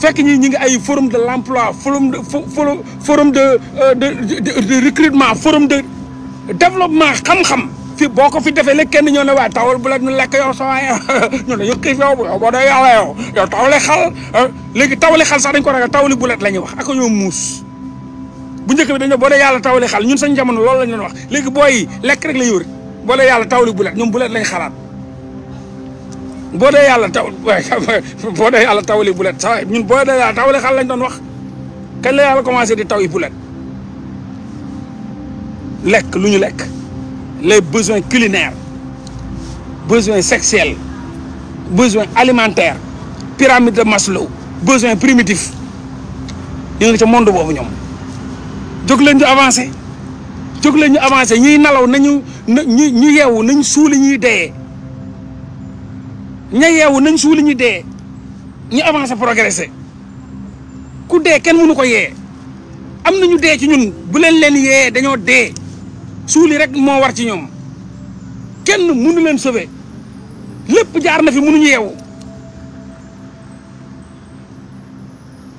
fekk ñi ñi ngi ay forum de l'emploi forum de forum euh, de de recrutement forum de développement xam-xam fi boo ko fi defee léegi kenn ñoo ne waaye tawul bu la ñu lekk yow sa waay [LAUGHS] ñu ne yow xiif yow yow boo dee yow yow yow tawle xal ah, léegi tawle xal la ñuy wax ak ñoo bu njëkk bi dañ boo dee yàlla tawli xal ñun sañ jamono loolu lañ ñu doon wax léegi booy lekk rek la yóor boo dee yàlla tawli bulet ñoom bulet lañ xalaat boo dee yàlla taw [LAUGHS] boo dee yàlla tawli bulet sa waay ñun boo dee yàlla tawli xal lañ doon wax kañ la yàlla commencé di taw yi bulet lekk lu ñu lekk les besoins kilinaire besoins sexuels besoins alimentaire pyramide de Maslow besoins primitifs ñu ngi ca monde boobu ñoom jóg leen ñu avancé jóg leen ñu avancé ñuy nalaw nañu ñu ñu yeewu nañ suuli ñuy deyee ña yeewu nañ suuli ñuy deyee ñu avancé progressé ku dee kenn mënu ko yee am nañu dee ci ñun bu leen leen yee dañoo dee suuli rek moo war ci ñoom kenn mënu leen sauver lépp jaar na fi mënuñu yeewu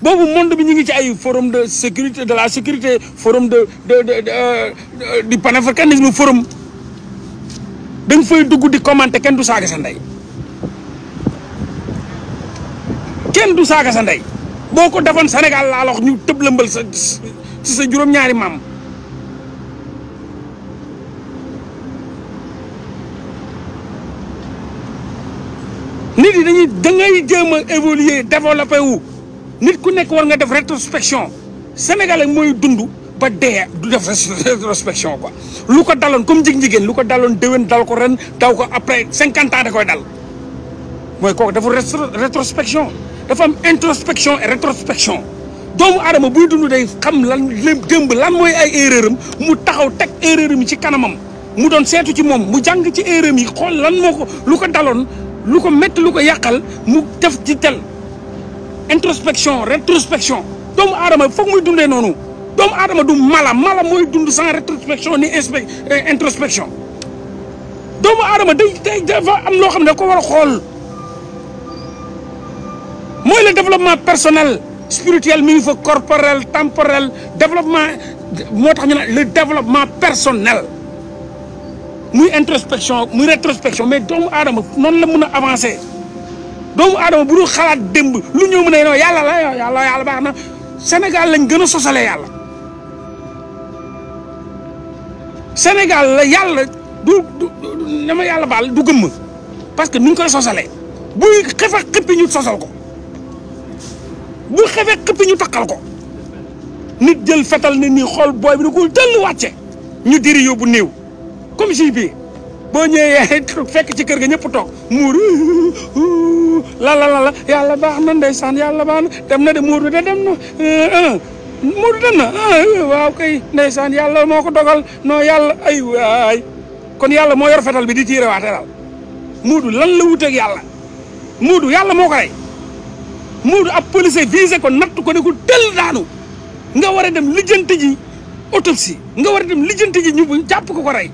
boobu monde bi ñu ngi ci ay forum de sécurité de la sécurité forum de de de euh, du panafricanisme forum da nga dugg di commenter kenn du saaga sa ndey kenn du saaga sa ndey boo ko defoon Sénégal laa ñu tëb lëmbal sa ci sa juróom-ñaari maam. nit yi dañuy da ngay jéem a évoluer développé wu nit ku nekk war nga def rétrospection sénégalais mooy dund ba dee du def rétrospection quoi lu ko daloon comme jig-jigéen lu ko daloon déwén dal ko ren daw ko après cinquante ans da koy dal mooy kooku dafa rétrospection dafa am introspection et rétrospection doomu aadama buy dund day xam lan démb lan mooy ay erreuram mu taxaw teg erreuram yi ci kanamam mu doon seetu ci moom mu jàng ci erreuram yi xool lan moo ko lu ko daloon lu ko métti lu ko yàqal mu def ci tel introspection rétrospection doomu aadama foog muy dundee noonu doomu aadama du mala mala mooy dund sans rétrospection ni inspe eh, introspection doomu aadama day day dafa am loo xam ne ko war a xool mooy le développement personnel spirituel mi ngi fa corporel temporel développement moo tax ñu ne le développement personnel muy introspection muy rétrospection mais doomu aadama noonu la mën a avancer doomu adama bu dul xalaat démb lu ñëw mën a non yàlla la yàlla yàlla baax na Sénégal lañ gën a sosalee yàlla Sénégal la yàlla du du na ma yàlla baal du gëmm parce que nuñ koy sosalee buy xefe xippi ñu sosal ko bu xefe xippi ñu takkal ko nit jël fetal ne nii xol booy bi ne ko dëll wàcce ñu diri yóbbu néew comme jus bii boo ñëwee [LAUGHS] fekk ci kër ga ñëpp toog muur [LAUGHS] la la la yàlla baax na ndeysaan yàlla baax na dem na de muur bi de dem na eh, eh, muur dem na eh, waaw kay ndeysaan yàlla moo ko dogal noo yàlla ay waay kon yàlla moo yor fetal bi di tiire waate daal muudu lan la wuteeg yàlla muudu yàlla moo ko rey muudu ab policier visé ko natt ko ne ko tël daanu nga war a dem lijjanti ji autopsie nga war dem lijjanti ji ñubu jàpp ko ko rey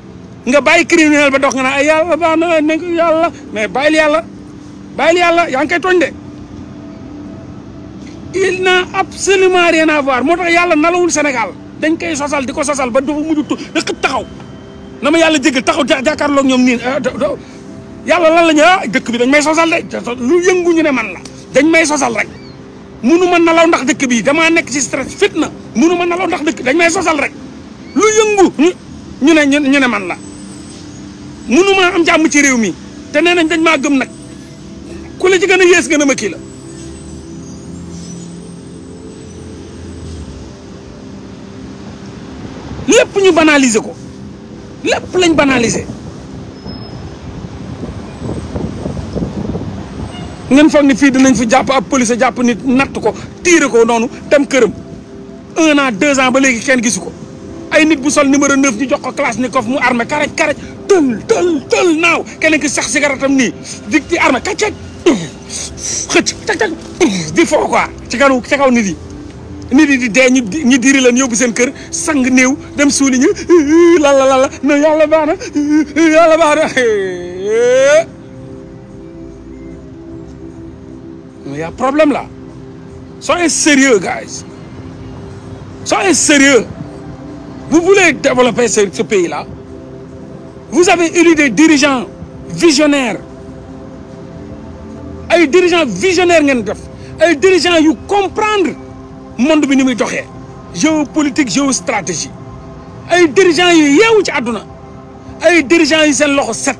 nga bàyyi criminel ba dox nga naan ay yàlla baax na ne yàlla mais bàyyil yàlla bàyyil yàlla yaa ngi koy tooñ de n'a absolument rien à voir moo tax yàlla nalawul Sénégal dañ koy sosal di ko sosal ba dafa mujj tu taxaw na ma yàlla jégal taxaw jàkkaarloog ñoom nii ah, yàlla lan la ñu ah, dëkk bi dañ may sosal de lu yëngu ñu ne man la dañ may sosal rek munu ma nalaw ndax dëkk bi damaa nekk ci stress fitna munu ma nalaw ndax dëkk dañ may sosal rek lu yëngu ñu ne ñu ne man la mënumaa am jàmm ci réew mi te nee nañ dañ maa gëm nag ku la ci gën yées gën a ma kiila la lépp ñu banaliser ko lépp lañ banaliser ngeen foog ni fii dinañ fu jàpp ab police jàpp nit natt ko tiire ko noonu dem këram un an deux ba léegi kenn gisu ko ay nit bu sol numéro neuf ñu jox ko classe ni kof mu armé karaj karaj tël tël tël naaw keneen ki sax cigarette tam nii di di arme kàcceeg xëcc tak tak di foo quoi ci kaw ci kaw nit yi nit yi di dee ñu diri leen yóbbu seen kër sang néew dem suuli ñu lalla lalla na yàlla baax na yàlla baax na mais y a problème là soyez sérieux guys soyez sérieux vous voulez développer ce pays là vous avez élu des dirigeants visionnaires ay dirigeants visionnaires ngeen def ay dirigeants yu comprendre monde bi ni muy doxee géopolitique géostratégie ay dirigeants yu yeewu ci àdduna ay dirigeants yu seen loxo set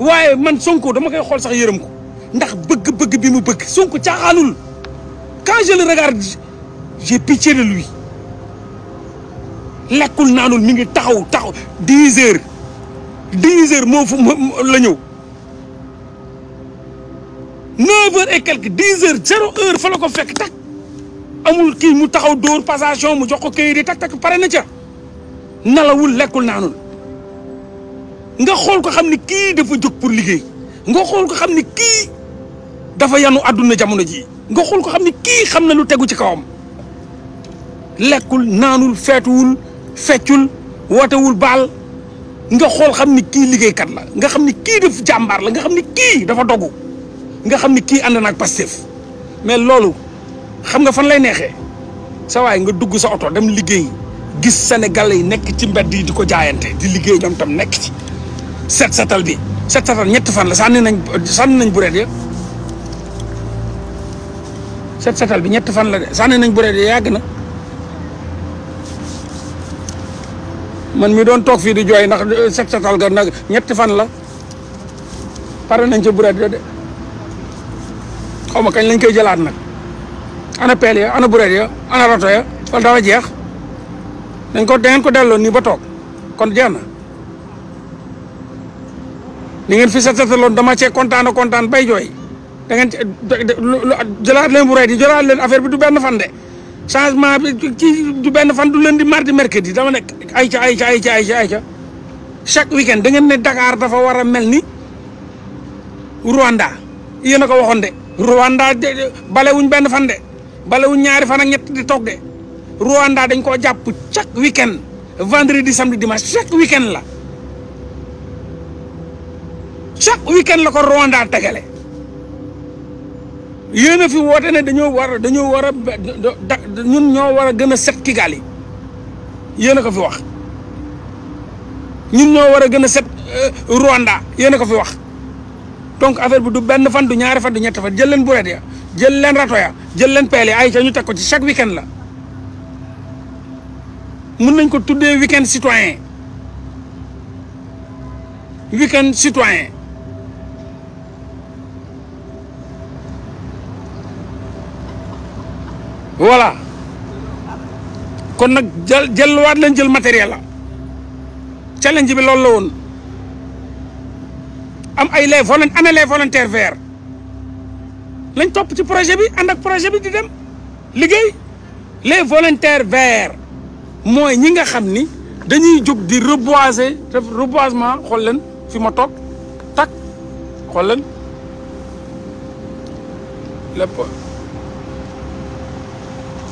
waaye man Sonko dama koy xool sax yërëm ko ndax bëgg-bëgg bi mu bëgg Sonko caaxaanul quand je le regarde j'ai pitié de lui lekkul naanul mi ngi taxaw taxaw dix heures dix heures moo fu la ñëw neuf heures et quelque dix heures zéro heure fa la ko fekk tak amul kii mu taxaw dóor passation mu jox ko kayit yi tak tak pare na ca nalawul lekkul naanul nga xool ko xam ni kii dafa jóg pour liggéey nga xool ko xam ni kii dafa yanu àdduna jamono ji nga xool ko xam ni kii xam na lu tegu ci kawam lekkul naanul feetuwul feccul wootewul baal nga xool xam ni kii liggéeykat la nga xam ni kii def jàmbaar la nga xam ni kii dafa dogu nga xam ni kii ànd naag Pastef mais loolu xam nga fan lay neexee sa waay nga dugg sa oto dem liggéey gis Sénégalais yi nekk ci mbedd yi di ko jaayante di liggéey ñoom tam nekk ci set setal bi set setal ñetti fan la sànni nañ sànni nañ bureet ya set setal bi ñetti fan la de sànni nañ bureet ya yàgg na man mi doon toog fii di jooy ndax euh, set setal ga ñetti fan la pare nañ ca bureet ya de xaw ma kañ lañ koy jëlaat nag ana peel ya ana bureet ya ana rato ya wala dara jeex dañ ko da ko delloo nii ba toog kon jeex na li ngeen fi set setaloon dama cee kontaan a kontaan bay jooy da ngeen jëlaat leen bureet yi jëlaat leen affaire bi du benn fan de changement bi kii du benn fan du lundi mardi mercredi dama nekk ay ca ay ca ay ca ay ca chaque weekend da ngeen ne Dakar dafa war a mel ni Rwanda yéen a ko waxoon de. Rwanda de balewuñ benn fan de balewuñ ñaari fan ak ñett di toog de Rwanda dañ koo jàpp chaque weekend vendredi samedi dimanche chaque weekend la chaque weekend la ko Rwanda tegale. yéen a fi woote ne dañoo war dañoo war a ñun ñoo war a gën a set Kigali yéen a ko fi wax ñun ñoo war a gën a set euh, Rwanda yéen a ko fi wax donc affaire bu du benn fan du ñaari fan du ñetti fan jël leen buret ya jël leen rato ya jël leen peel ya ay ca ñu teg ko ci chaque weekend la mën nañ ko tuddee weekend sitoyen weekend citoyen voilà kon nag jël jëlwaat leen jël matériel la challenge bi loolu la woon am ay les volon amee les volontaires verts lañ topp ci projet bi ànd ak projet bi di dem liggéey les volontaires verts mooy ñi nga xam ni dañuy jóg di reboiser def reboisement xool leen fi ma toog tak xool leen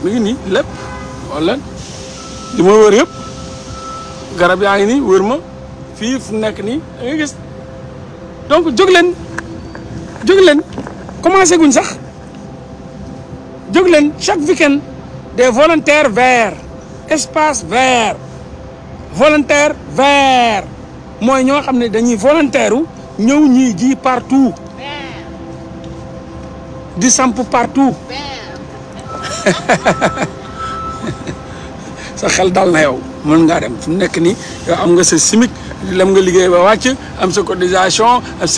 mi ngi nii lépp xool leen di ma wër yëpp garab yaa ngi nii wër ma fii fu nekk nii da gis donc jóg leen jóg leen commencé guñ sax jóg leen chaque week-end des volontaires verts espace vert volontaire vert mooy ñoo xam ne dañuy volontaire ñëw ñii ji partout di samp partout [LAUGHS] sa xel dal na yow mën ngaa dem fu mu nekk nii yow am nga sa chimique lam nga liggéey ba wàcc am sa cotisation am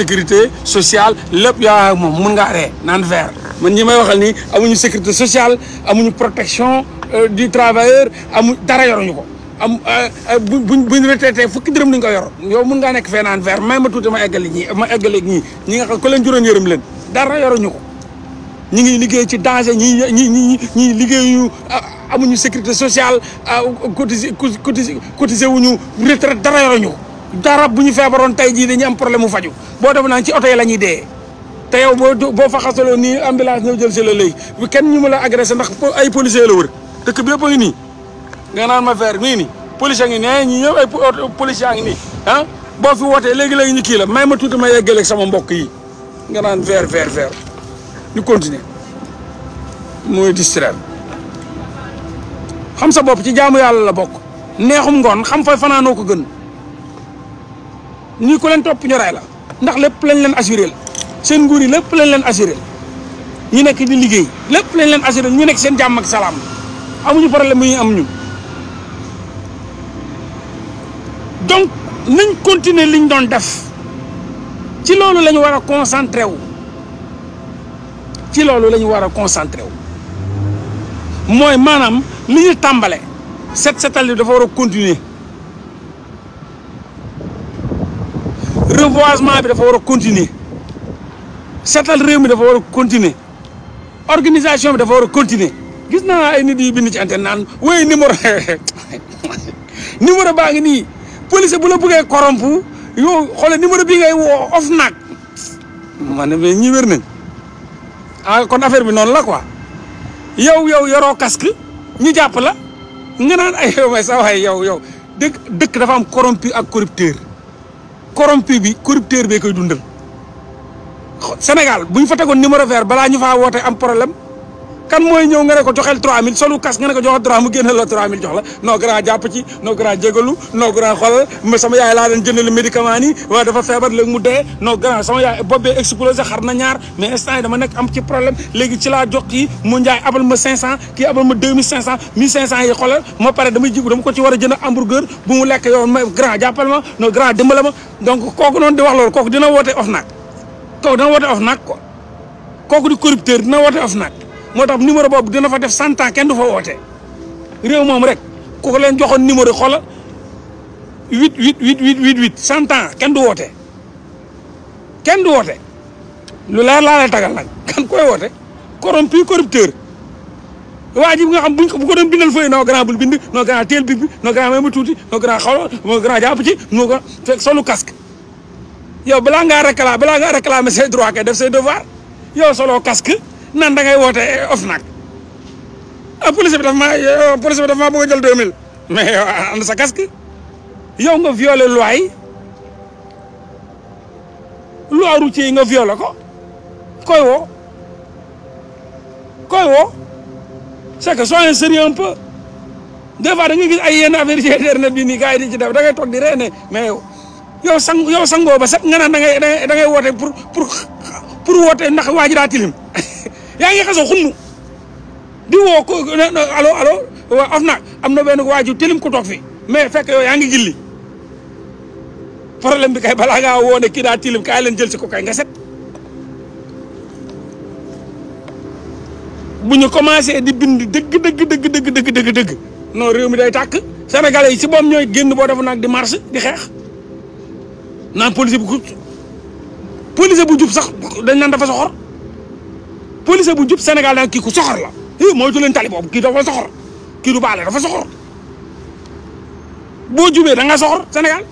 sociale lépp yaa moom mën ngaa ree naan vert man ñii may waxal nii amuñu sécurité sociale amuñu protection euh, du travailleur amu dara yoruñu ko am euh, euh, bu buñ retraité fukki dërëm nañ ko yor yow mën ngaa nekk fee naan vert may ma tuuti ma eggali ñii ma eggali ñii ñi nga xam ko leen juróom yërëm leen dara ñu ko ñi ngi liggéey ci danger ñi ñi ñi ñi liggéeyuñu ah, amuñu sécurité sociale ah, cotisé cotisé cotisé wuñu retraite dara yoruñu dara bu ñu feebaroon tey jii dañuy am problème mu faju boo dem naan ci oto yi la ñuy dee te yow boo boo fa xasaloo nii ambulance ñëw jël si la léegi kenn ñu ma la agressé ndax ay policier la wër dëkk bi yëpp a ngi nii nga naan ma faire nii nii policier ngi nee ñi ñëw ay policier ngi nii ah boo fi wootee léegi-léegi ñu kii la may ma tuuti ma yeggaleeg sama mbokk yi nga naan faire faire faire di continuer mooy distraire xam sa bopp ci jaamu yàlla la bokk neexum ngoon xam fay fanaanoo ko gën nii ku leen topp ñu la ndax lépp lañ leen assuré seen nguur yi lépp lañ leen assuré ñu nekk di liggéey lépp lañ leen assuré ñu nekk seen jàmm ak salaam amuñu problème bu ñuy am ñun donc nañ continuer liñ doon def ci loolu lañu ñu war a concentré wu ci loolu la ñu war a concentré wu mooy maanaam li tàmbale set setal bi dafa wara a continuer reboisement bi dafa war a continuer setal réew mi dafa war a continuer organisation bi dafa war a continuer gis naa ay nit yu bind ci antenne naan wéy numéro [LAUGHS] numéro baa ngi nii police bu la bëggee corrompu yow xoolal numéro bi ngay woo off naag ma ne ñi wér nañ ah kon affaire bi noonu la quoi yow yow yoroo casque ñu jàpp la nga naan ay yow may sa waay yow yow dëkk dafa am corrompu ak corrupteur corrompu bi corrupteur bee koy dundal Sénégal bu ñu fa tegoon numéro vert balaa ñu faa woote am problème. kan mooy ñëw nga ne ko joxel 3000 solu kas nga ne ko joxal 3000 mu génne la 3000 jox la non grand jàpp ci non grand jégalu non grand xolal ma sama yaay laa doon jëndal médicament yi waaye dafa feebar léegi mu dee non grand sama yaay bopp bee explosé xar na ñaar mais instant yi dama nekk am ci problème léegi ci laa jox kii mu njaay abal ma 500 kii abal ma 2500 1500 yi xolal ma pare damay jigu dama ko ci war a jënd hamburger bu mu lekk yow ma grand jàppal ma non grand dimbala ma donc kooku noonu di wax loolu kooku dina woote OFNAC kooku dina woote OFNAC kooku di corrupteur dina woote OFNAC moo tax numéro boobu dina fa def cent ans kenn du fa woote réew moom rek ku leen joxoon numéro xoola huit huit huit huit huit huit cent ans kenn du woote kenn du woote lu leer laa lay tagal nag kan koy woote corrompu corrupteur waa ji bi nga xam buñ ko bu ko doon bindal fooy noo grand bul bind noo grand teel bi bi noo grand may ma tuuti noo grand xolo noo grand jàpp ci noo grand fekk solu casque yow balaa ngaa réclamer balaa ngaa réclamer ses droits kay def ses devoirs yow solo casque nan da ngay woote OFNAC ah police bi dafa maa eh, police bi a jël 2000 mais yow eh, ànd yow nga violé loi yi loi nga violé ko koy woo koy woo c'est que soyez sérieux un peu des fois da nga gis ay yenn affaire ci internet bi nii yi di ci def da ngay toog di ree ne mais yow yow sangoo ba set nga naan da ngay da ngay woote ndax waa ji daa tilim [LAUGHS] yaa ngi xaso xunnu di woo ko allo allo waaw af naag am na benn waaju tilim ku toog fi mais fekk yow yaa ngi gilli problème bi kay balaa ngaa woo ne kii daa tilim kaay leen jël si ko kay nga set bu ñu commencé di bind dëgg dëgg dëgg dëgg dëgg dëgg dëgg réew mi day tàkk sénégalais yi si boom ñooy génn boo def nag di marche di xeex naan police bu police bu jub sax dañ naan dafa soxor policier bu jub Sénégal daal kii ku soxor la eh moytu leen tali boobu kii dafa soxor kii du baale dafa soxor boo jubee da soxor Sénégal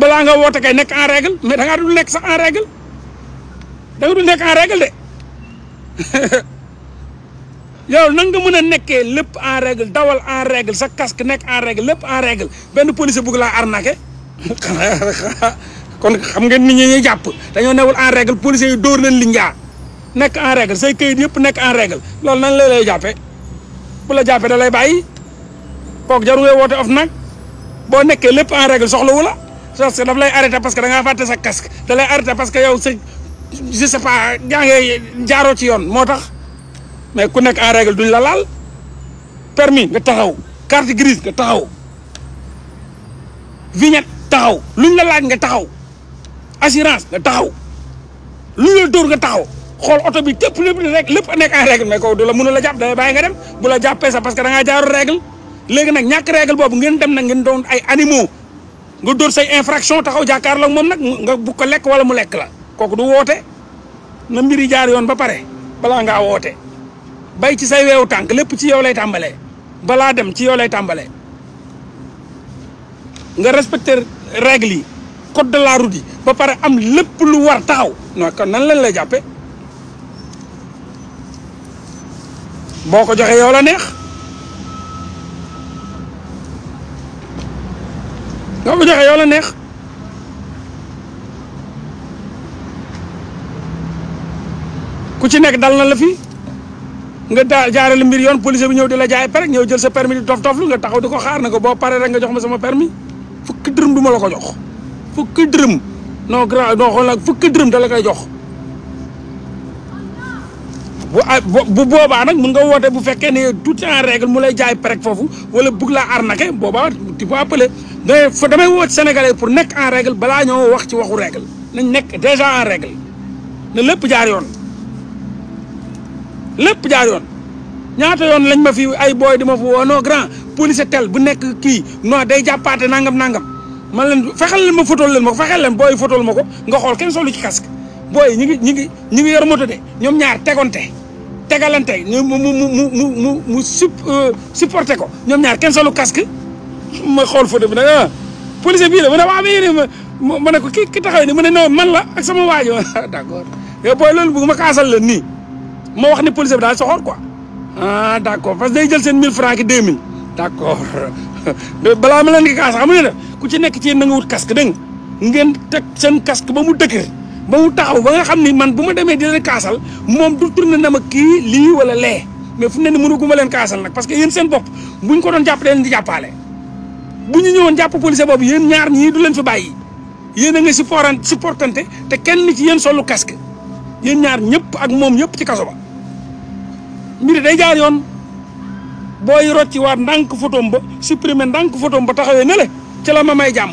balaa nga woote kay nekk en règle mais da nga nekk sax en règle da nga dul nekk en règle de [LAUGHS] yow nan nga mën a nekkee lépp en règle dawal en règle sa casque nekk en règle lépp en règle benn policier bugg laa arnaqué. [LAUGHS] kon xam ngeen ni ñi ñuy jàpp dañoo newul en régle policiers yi dóor leen liñ yaa nekk en règle say kayit yëpp nekk en règle loolu nan la lay jàppee bu la jàppee da lay bàyyi kook jaru ngay woote of nag boo nekkee lépp en règle soxlawu la parce que daf lay arrêté parce que da ngaa fàtte sa casque da lay arrêté parce que yow sa je sais pas yaa ngi jaaroo ci yoon moo tax mais ku nekk en régle duñ la laal permis nga taxaw carte grise nga taxaw vignette taxaw luñ la laaj nga taxaw. assurance nga taxaw lu la dóor nga taxaw xool oto bi tépp lépp rek lépp nekk ay règle mais kooku du la mën a la jàpp day bàyyi nga dem bu la jàppee sax parce que da ngaa jaarul règle ñàkk règle boobu ngeen dem nag ngeen doon ay animaux nga dóor say infraction taxaw jàkkaarloo moom nag nga bu ko lekk wala mu lekk la kooku du woote na mbir yi jaar yoon ba pare balaa ngaa woote bay ci say weewu tànk lépp ci yow lay tàmbalee balaa dem ci yow lay tàmbalee nga respecter règle yi code de la route ba pare am lépp lu war taxaw non kon nan lañ lay jàppe boo ko joxee yow la neex boo ko joxee yow neex ku ci nekk dal na la fi nga daa jaarale mbir yoon policier bi ñëw di la jaay pare ñëw jël sa permis di dof dof lu nga taxaw di ko xaar na ko boo paree rek nga jox ma sama permis fukki dërëm du ma la ko jox fukki dërëm non grand non xoolal fukki dërëm da la koy jox ah, bu bu boobaa nag mun nga woote bu fekkee ne tout en régle mu lay jaay prek foofu wala bugg laa arnaqué boobaa tu peux appeler mais fa damay woote sénégalais pour nekk en règle balaa ñoo wax ci waxu règle nañ nekk déjà en règle ne lépp jaar yoon lépp jaar yoon ñaata yoon lañ ma fi ay booy di ma fi woo grand police tel bu nekk kii non day jàppaate nangam nangam. man leen fexeel leen ma fotol leen ma ko fexeel leen booy fotol ma ko nga xool kenn solu ci casque booy ñi ngi ñi ngi ñi ngi yor moto de ñoom ñaar tegonte tegalante mu mu mu mu mu mu su euh, supporté ko ñoom ñaar kenn solu casque ma xool photo bi nag ah policier bii la ma ne waaw mais ma ne ko ki ki taxaw ni ma ne non man la ak sama waa ji [LAUGHS] d'accord yow booy loolu bëgg leen nii ma wax ne policier bi daal soxor quoi ah d'accord parce que day jël seen mille francs ki mille d'accord [LAUGHS] balaa ma leen di kaas xam nga ne ku ci nekk ci yéen na nga wut casque dégg ngeen teg seen casque ba mu dëgër ba mu taxaw ba nga xam ni man bu ma demee di leen kaasal moom du tourné na ma kii lii wala lee mais fu ne ni mënu guma leen kaasal nag parce que yéen seen bopp buñ ko doon jàpp leen di jàppaale bu ñu ñëwoon jàpp policier boobu yéen ñaar ñii du leen fi bàyyi yéen a nga supportant supportante te kenn ci yéen solu casque yéen ñaar ñëpp ak moom ñëpp ci kaso ba mbir day jaar yoon boo rocci waat ndànk photom ba supprimer ndànk photom ba taxawee ne ci la ma may jàmm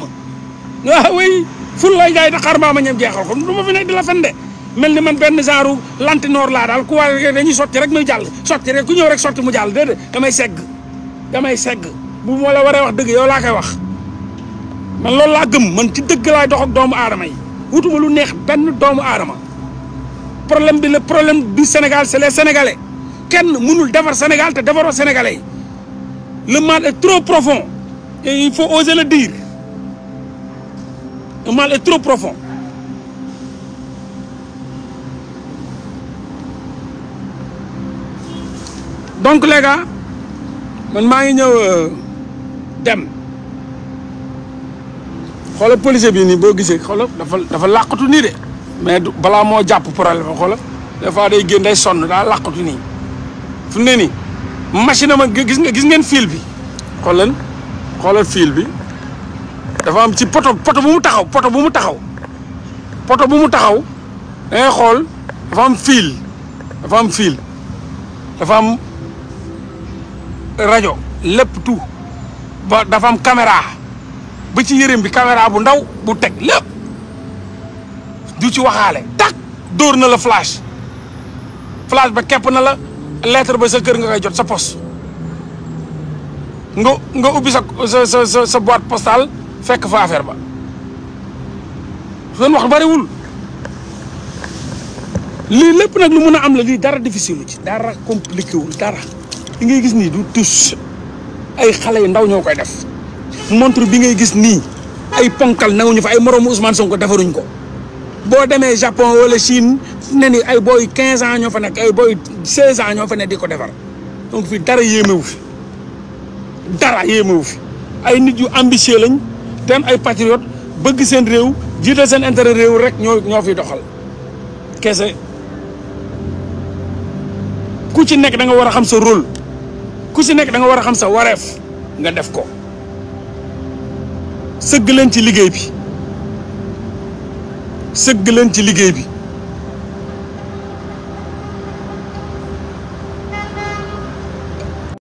waaw ah way ful lay jaay taxaar maa ma ñam jeexal ko du ma fi nekk di la fen de mel ni man benn genre lantinoor laa daal ku war dañuy sotti rek muy jàll sotti rek ku ñëw rek sotti mu jàll déedéet damay segg damay segg bu moo la waree wax dëgg yow laa koy wax man loolu laa gëm man ci dëgg laay dox doomu aadama yi wutuma lu neex benn doomu aadama problème bi le problème du Sénégal c'est les Sénégalais kenn mënul defar Sénégal te defaroo le mal est trop il faut oser le dire. Le mal trop profond. donc lega man maa ngi ñëw euh, dem xoola policier bi nii boo gisee xoola dafa dafa làqatu nii de mais balaa moo jàpp problème ba xoola des fois day génn day sonn daa làqatu nii fu ne nii machine am gis nga gis ngeen fiil bi xool leen xoolal fil bi dafa am ci poto poto bu mu taxaw poto bu mu taxaw poto bu mu taxaw da xool dafa am fil dafa am fiil dafa am rajo lépp tout ba dafa am camera ba ci yërëm bi caméra bu ndaw bu teg lépp du ci waxaale tak dóor na la flash flash ba kepp na la lettre ba sa kër nga koy jot sa pos nga nga ubbi sa sa sa sa boîte postale fekk fa affaire ba doon wax bariwul lii lépp nag lu mun a am la lii dara difficile ci dara compliqué wul dara li ngay gis nii du tus ay xale yu ndaw ñoo koy def montre bi ngay gis nii ay ponkal ñu fa ay moroomu Ousmane Sonko defaruñ ko boo demee Japon wala Chine ne ni ay booy quinze ans ñoo fa nekk ay booy seize ans ñoo fa nekk di ko defar donc fii dara yéemewu fi dara yéemewu fi ay nit yu ambitieux lañ ten ay patriote bëgg seen réew jiital seen intere réew rek ñoo ñoo fi doxal kese ku ci nekk danga war a xam sa rôle ku ci nekk da nga war a xam sa wareef nga def ko sëgg leen ci liggéey bi sëgg leen ci liggéey bi